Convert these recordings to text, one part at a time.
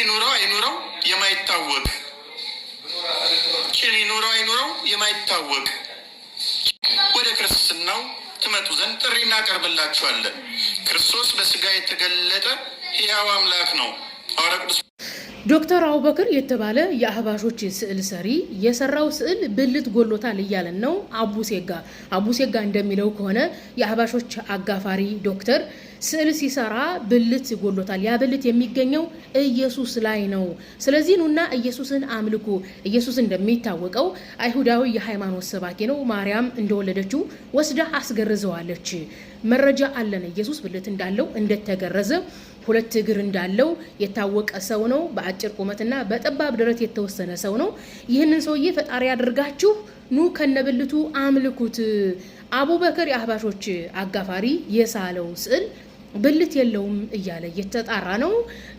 ይኑረው አይኑረው የማይታወቅ ጭን ይኑረው አይኑረው የማይታወቅ ወደ ክርስትናው ትመጡ ዘንድ ጥሪ እናቀርብላችኋለን። ክርስቶስ በስጋ የተገለጠ ሕያው አምላክ ነው። ሐዋርያ ቅዱስ ዶክተር አቡበክር የተባለ የአህባሾች ስዕል ሰሪ የሰራው ስዕል ብልት ጎሎታል እያለን ነው። አቡሴጋ አቡሴጋ እንደሚለው ከሆነ የአህባሾች አጋፋሪ ዶክተር ስዕል ሲሰራ ብልት ይጎሎታል። ያ ብልት የሚገኘው ኢየሱስ ላይ ነው። ስለዚህ ኑና ኢየሱስን አምልኩ። ኢየሱስ እንደሚታወቀው አይሁዳዊ የሃይማኖት ሰባኪ ነው። ማርያም እንደወለደችው ወስዳ አስገርዘዋለች። መረጃ አለን። ኢየሱስ ብልት እንዳለው እንደተገረዘ ሁለት እግር እንዳለው የታወቀ ሰው ነው። በአጭር ቁመትና በጠባብ ደረት የተወሰነ ሰው ነው። ይህንን ሰውዬ ፈጣሪ አድርጋችሁ ኑ ከነብልቱ አምልኩት። አቡበከር የአህባሾች አጋፋሪ የሳለው ስዕል ብልት የለውም እያለ እየተጣራ ነው።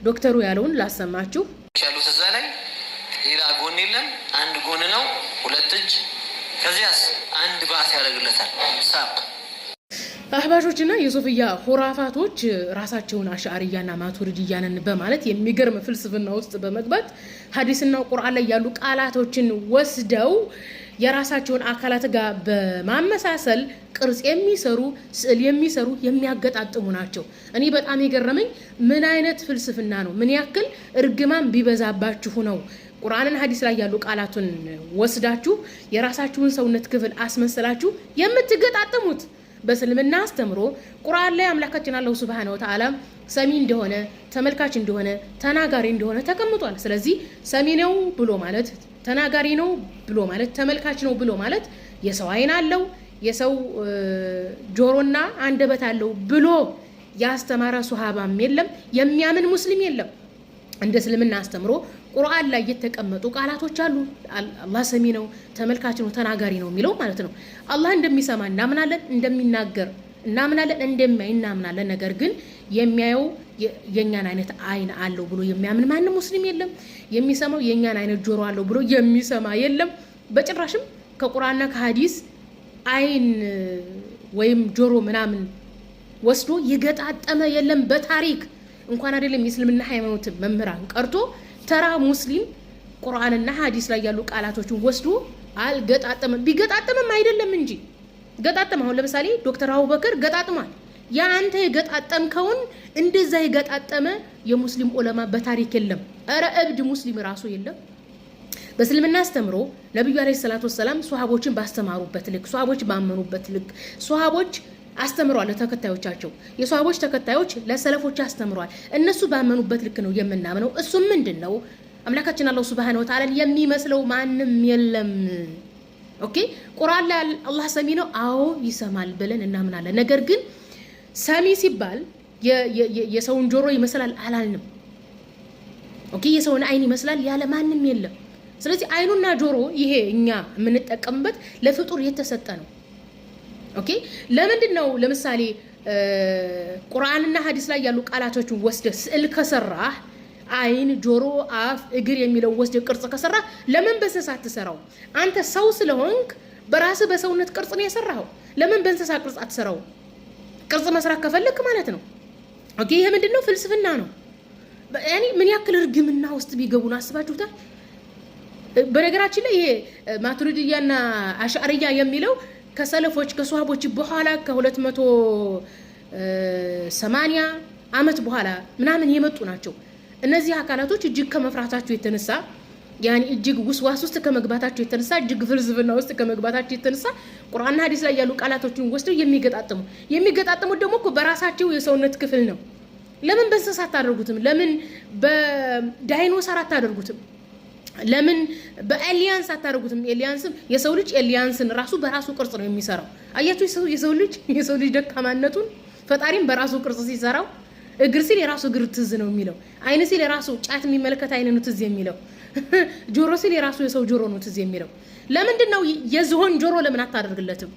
ዶክተሩ ያለውን ላሰማችሁ ያሉት እዛ ላይ ሌላ ጎን የለም፣ አንድ ጎን ነው፣ ሁለት እጅ። ከዚያስ አንድ ባት ያደርግለታል ሳቅ አህባሾችና የሶፍያ ሁራፋቶች ራሳቸውን አሻርያና ማቱሪድያንን በማለት የሚገርም ፍልስፍና ውስጥ በመግባት ሀዲስና ቁርአን ላይ ያሉ ቃላቶችን ወስደው የራሳቸውን አካላት ጋር በማመሳሰል ቅርጽ የሚሰሩ ስዕል የሚሰሩ የሚያገጣጥሙ ናቸው። እኔ በጣም የገረመኝ ምን አይነት ፍልስፍና ነው? ምን ያክል እርግማን ቢበዛባችሁ ነው ቁርአንን ሀዲስ ላይ ያሉ ቃላቱን ወስዳችሁ የራሳችሁን ሰውነት ክፍል አስመሰላችሁ የምትገጣጥሙት? በእስልምና አስተምሮ ቁርአን ላይ አምላካችን አላሁ ስብሃነ ወተዓላ ሰሚ እንደሆነ ተመልካች እንደሆነ ተናጋሪ እንደሆነ ተቀምጧል። ስለዚህ ሰሚ ነው ብሎ ማለት ተናጋሪ ነው ብሎ ማለት ተመልካች ነው ብሎ ማለት የሰው አይን አለው የሰው ጆሮና አንደበት አለው ብሎ ያስተማረ ሱሃባም የለም፣ የሚያምን ሙስሊም የለም። እንደ እስልምና አስተምሮ ቁርአን ላይ የተቀመጡ ቃላቶች አሉ። አላህ ሰሚ ነው፣ ተመልካች ነው፣ ተናጋሪ ነው የሚለው ማለት ነው። አላህ እንደሚሰማ እናምናለን፣ እንደሚናገር እናምናለን፣ እንደሚያይ እናምናለን። ነገር ግን የሚያየው የእኛን አይነት አይን አለው ብሎ የሚያምን ማንም ሙስሊም የለም። የሚሰማው የእኛን አይነት ጆሮ አለው ብሎ የሚሰማ የለም። በጭራሽም ከቁርአንና ከሀዲስ አይን ወይም ጆሮ ምናምን ወስዶ የገጣጠመ የለም። በታሪክ እንኳን አይደለም የእስልምና ሃይማኖት መምህራን ቀርቶ ተራ ሙስሊም ቁርአንና ሀዲስ ላይ ያሉ ቃላቶችን ወስዶ አልገጣጠመም። ቢገጣጠምም አይደለም እንጂ ገጣጠመ። አሁን ለምሳሌ ዶክተር አቡበክር ገጣጥሟል። የአንተ የገጣጠምከውን እንደዛ የገጣጠመ የሙስሊም ዑለማ በታሪክ የለም። እረ እብድ ሙስሊም ራሱ የለም። በእስልምና አስተምሮ ነቢዩ አለይሂ ሰላቱ ወሰላም ሶሃቦችን ባስተማሩበት ልክ፣ ሶሃቦች ባመኑበት ልክ ሶሃቦች አስተምሯል ለተከታዮቻቸው። የሶሃቦች ተከታዮች ለሰለፎች አስተምሯል። እነሱ ባመኑበት ልክ ነው የምናምነው። እሱም ምንድን ነው? አምላካችን አላሁ ሱብሃነሁ ወተዓላን የሚመስለው ማንም የለም። ኦኬ ቁርአን ላይ አላህ ሰሚ ነው። አዎ ይሰማል ብለን እናምናለን። ነገር ግን ሰሚ ሲባል የሰውን ጆሮ ይመስላል አላልንም። ኦኬ የሰውን አይን ይመስላል ያለ ማንም የለም። ስለዚህ አይኑና ጆሮ ይሄ እኛ የምንጠቀምበት ለፍጡር የተሰጠ ነው። ኦኬ ለምንድን ነው ለምሳሌ ቁርአንና ሀዲስ ላይ ያሉ ቃላቶችን ወስደ ስዕል ከሰራህ አይን፣ ጆሮ፣ አፍ፣ እግር የሚለው ወስደህ ቅርጽ ከሰራ ለምን በእንስሳ አትሰራው? አንተ ሰው ስለሆንክ በራስህ በሰውነት ቅርጽ ነው የሰራኸው። ለምን በእንስሳ ቅርጽ አትሰራው? ቅርጽ መስራት ከፈለክ ማለት ነው። ኦኬ ይሄ ምንድን ነው? ፍልስፍና ነው። እኔ ምን ያክል እርግምና ውስጥ ነው አስባችሁታል? በነገራችን ላይ ይሄ ማቱሪድያና አሻርያ የሚለው ከሰለፎች ከሷቦች በኋላ ከ 280 ዓመት በኋላ ምናምን የመጡ ናቸው። እነዚህ አካላቶች እጅግ ከመፍራታቸው የተነሳ ያኔ እጅግ ውስዋስ ውስጥ ከመግባታቸው የተነሳ እጅግ ፍልስፍና ውስጥ ከመግባታቸው የተነሳ ቁርአንና ሀዲስ ላይ ያሉ ቃላቶችን ወስደው የሚገጣጥሙ የሚገጣጥሙ ደግሞ እኮ በራሳቸው የሰውነት ክፍል ነው። ለምን በእንስሳ አታደርጉትም? ለምን በዳይኖሰር አታደርጉትም? ለምን በኤሊያንስ አታደርጉትም? ኤሊያንስም የሰው ልጅ ኤሊያንስን ራሱ በራሱ ቅርጽ ነው የሚሰራው። አያችሁ የሰው ልጅ የሰው ልጅ ደካማነቱን ፈጣሪም በራሱ ቅርጽ ሲሰራው እግር ሲል የራሱ እግር ትዝ ነው የሚለው፣ አይን ሲል የራሱ ጫት የሚመለከት አይን ነው ትዝ የሚለው ጆሮ ሲል የራሱ የሰው ጆሮ ነው ትዝ የሚለው። ለምንድን ነው የዝሆን ጆሮ ለምን አታደርግለትም?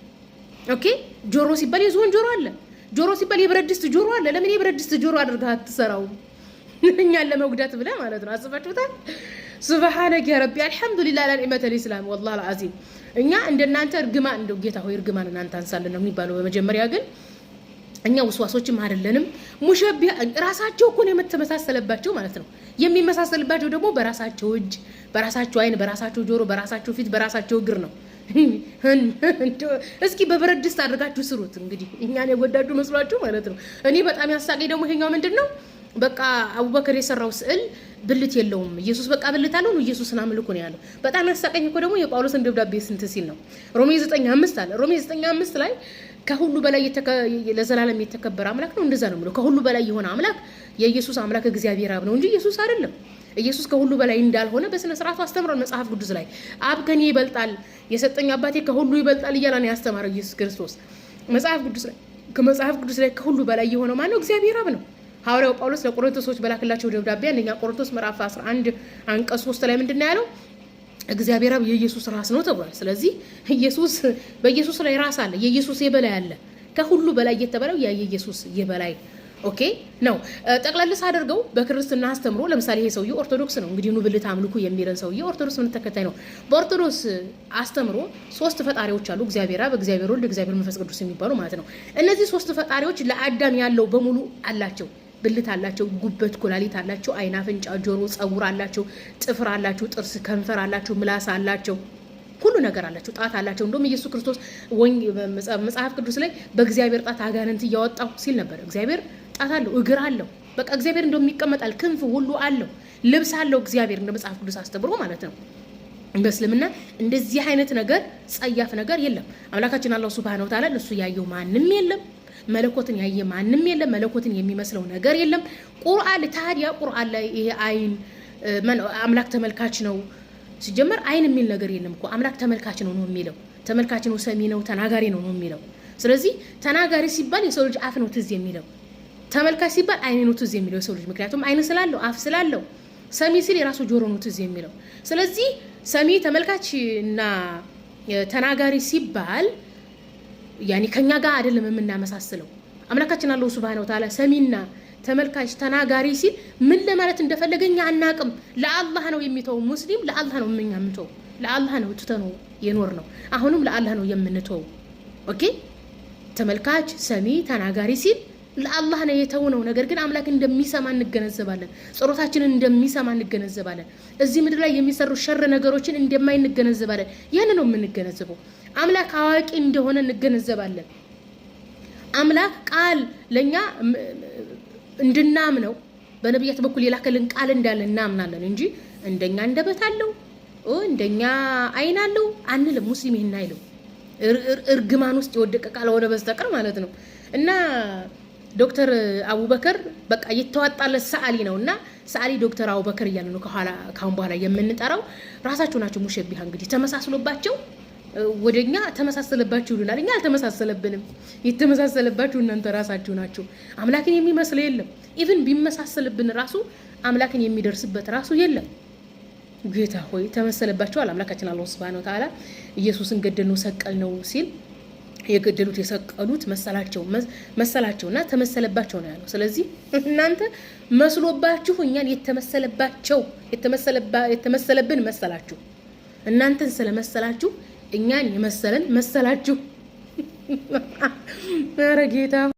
ኦኬ ጆሮ ሲባል የዝሆን ጆሮ አለ፣ ጆሮ ሲባል የብረት ድስት ጆሮ አለ። ለምን የብረት ድስት ጆሮ አድርገህ አትሰራውም? እኛን ለመጉዳት ብለህ ማለት ነው። አስባችሁታል? ሱብሃነክ ያ ረቢ አልሐምዱሊላ ላኒዕመተል ኢስላም ወላሂ አልዓዚም። እኛ እንደናንተ እርግማን እንደው ጌታ ሆይ እርግማን እናንተ አንሳልን ነው የሚባለው። በመጀመሪያ ግን እኛ ውስዋሶችም አይደለንም። ሙሸቢያ ራሳቸው እኮ ነው የምትመሳሰለባቸው ማለት ነው። የሚመሳሰልባቸው ደግሞ በራሳቸው እጅ፣ በራሳቸው አይን፣ በራሳቸው ጆሮ፣ በራሳቸው ፊት፣ በራሳቸው እግር ነው። እስኪ በብረት ድስት አድርጋችሁ ስሩት። እንግዲህ እኛን የጎዳዱ መስሏችሁ ማለት ነው። እኔ በጣም ያሳቀኝ ደግሞ ይሄኛው ምንድን ነው? በቃ አቡበከር የሰራው ስዕል ብልት የለውም። ኢየሱስ በቃ ብልት አለው ነው ኢየሱስን አምልኩ ነው ያለው። በጣም ያሳቀኝ እኮ ደግሞ የጳውሎስን ደብዳቤ ስንት ሲል ነው ሮሜ 9 5 አለ ሮሜ 9 5 ላይ ከሁሉ በላይ ለዘላለም የተከበረ አምላክ ነው። እንደዛ ነው የምለው። ከሁሉ በላይ የሆነ አምላክ የኢየሱስ አምላክ እግዚአብሔር አብ ነው እንጂ ኢየሱስ አይደለም። ኢየሱስ ከሁሉ በላይ እንዳልሆነ በስነ ስርዓቱ አስተምሯል። መጽሐፍ ቅዱስ ላይ አብ ከኔ ይበልጣል፣ የሰጠኝ አባቴ ከሁሉ ይበልጣል እያለ ነው ያስተማረው ኢየሱስ ክርስቶስ መጽሐፍ ቅዱስ ላይ ከመጽሐፍ ቅዱስ ላይ ከሁሉ በላይ የሆነው ማነው? እግዚአብሔር አብ ነው። ሐዋርያው ጳውሎስ ለቆሮንቶሶች በላክላቸው ደብዳቤ አንደኛ ቆሮንቶስ ምዕራፍ 11 አንቀጽ 3 ላይ ምንድን ነው ያለው? እግዚአብሔር አብ የኢየሱስ ራስ ነው ተብሏል። ስለዚህ ኢየሱስ በኢየሱስ ላይ ራስ አለ፣ የኢየሱስ የበላይ አለ። ከሁሉ በላይ የተባለው ያ የኢየሱስ የበላይ ኦኬ ነው። ጠቅለልስ አድርገው በክርስትና አስተምሮ ለምሳሌ ይሄ ሰውዬ ኦርቶዶክስ ነው። እንግዲህ ብልት አምልኩ የሚለን ሰውዬ ኦርቶዶክስ ምን ተከታይ ነው። በኦርቶዶክስ አስተምሮ ሶስት ፈጣሪዎች አሉ፣ እግዚአብሔር አብ፣ እግዚአብሔር ወልድ፣ እግዚአብሔር መንፈስ ቅዱስ የሚባሉ ማለት ነው። እነዚህ ሶስት ፈጣሪዎች ለአዳም ያለው በሙሉ አላቸው። ብልት አላቸው፣ ጉበት፣ ኩላሊት አላቸው፣ አይን፣ አፍንጫ፣ ጆሮ፣ ጸጉር አላቸው፣ ጥፍር አላቸው፣ ጥርስ፣ ከንፈር አላቸው፣ ምላስ አላቸው ሁሉ ነገር አላቸው። ጣት አላቸው። እንደውም ኢየሱስ ክርስቶስ መጽሐፍ ቅዱስ ላይ በእግዚአብሔር ጣት አጋንንት እያወጣሁ ሲል ነበር። እግዚአብሔር ጣት አለው፣ እግር አለው። በቃ እግዚአብሔር እንደውም ይቀመጣል፣ ክንፍ ሁሉ አለው፣ ልብስ አለው። እግዚአብሔር እንደ መጽሐፍ ቅዱስ አስተምሮ ማለት ነው። በእስልምና እንደዚህ አይነት ነገር ጸያፍ ነገር የለም። አምላካችን አላሁ ሱብሃነሁ ወተዓላ እሱ ያየው ማንም የለም። መለኮትን ያየ ማንም የለም። መለኮትን የሚመስለው ነገር የለም። ቁርአን ታዲያ ቁርአን ላይ ይሄ አይን አምላክ ተመልካች ነው። ሲጀመር አይን የሚል ነገር የለም እኮ አምላክ ተመልካች ነው ነው የሚለው ተመልካች ነው፣ ሰሚ ነው፣ ተናጋሪ ነው ነው የሚለው። ስለዚህ ተናጋሪ ሲባል የሰው ልጅ አፍ ነው ትዝ የሚለው፣ ተመልካች ሲባል አይን ነው ትዝ የሚለው የሰው ልጅ ምክንያቱም አይን ስላለው አፍ ስላለው ሰሚ ሲል የራሱ ጆሮ ነው ትዝ የሚለው። ስለዚህ ሰሚ ተመልካች እና ተናጋሪ ሲባል ያኔ ከኛ ጋር አይደለም የምናመሳስለው። አምላካችን አላሁ ሱብሃነ ወተዓላ ሰሚና ተመልካች ተናጋሪ ሲል ምን ለማለት እንደፈለገኛ አናቅም። ለአላህ ነው የሚተው ሙስሊም ለአላህ ነው የምኛ የምንተው ለአላህ ነው ትተነው የኖር ነው። አሁንም ለአላህ ነው የምንተው። ኦኬ ተመልካች ሰሚ ተናጋሪ ሲል ለአላህ ነው የተውነው ነገር ግን አምላክ እንደሚሰማ እንገነዘባለን። ጸሎታችንን እንደሚሰማ እንገነዘባለን። እዚህ ምድር ላይ የሚሰሩ ሸር ነገሮችን እንደማይ እንገነዘባለን። ያን ነው የምንገነዘበው። አምላክ አዋቂ እንደሆነ እንገነዘባለን። አምላክ ቃል ለእኛ እንድናምነው በነቢያት በኩል የላከልን ቃል እንዳለ እናምናለን እንጂ እንደኛ እንደበት አለው እንደኛ አይን አለው አንልም። ሙስሊም ይህን እርግማን ውስጥ የወደቀ ቃል ሆነ በስተቀር ማለት ነው እና ዶክተር አቡበከር በቃ የተዋጣለት ሰዓሊ ነው እና ሰዓሊ ዶክተር አቡበከር እያለ ነው ካሁን በኋላ የምንጠራው። ራሳቸው ናቸው ሙሸቢሃ እንግዲህ ተመሳስሎባቸው ወደኛ ተመሳሰለባችሁ ይሉናል። እኛ አልተመሳሰለብንም። የተመሳሰለባችሁ እናንተ ራሳችሁ ናችሁ። አምላክን የሚመስል የለም። ኢቭን ቢመሳሰልብን ራሱ አምላክን የሚደርስበት ራሱ የለም። ጌታ ሆይ ተመሰለባችኋል። አምላካችን አላህ ሱብሃነሁ ወተዓላ ኢየሱስን ገደልነው ሰቀልነው ሲል የገደሉት የሰቀሉት መሰላቸው መሰላቸውና ተመሰለባቸው ነው ያለው። ስለዚህ እናንተ መስሎባችሁ እኛን የተመሰለባቸው የተመሰለብን መሰላችሁ፣ እናንተን ስለመሰላችሁ እኛን የመሰለን መሰላችሁ። ኧረ ጌታ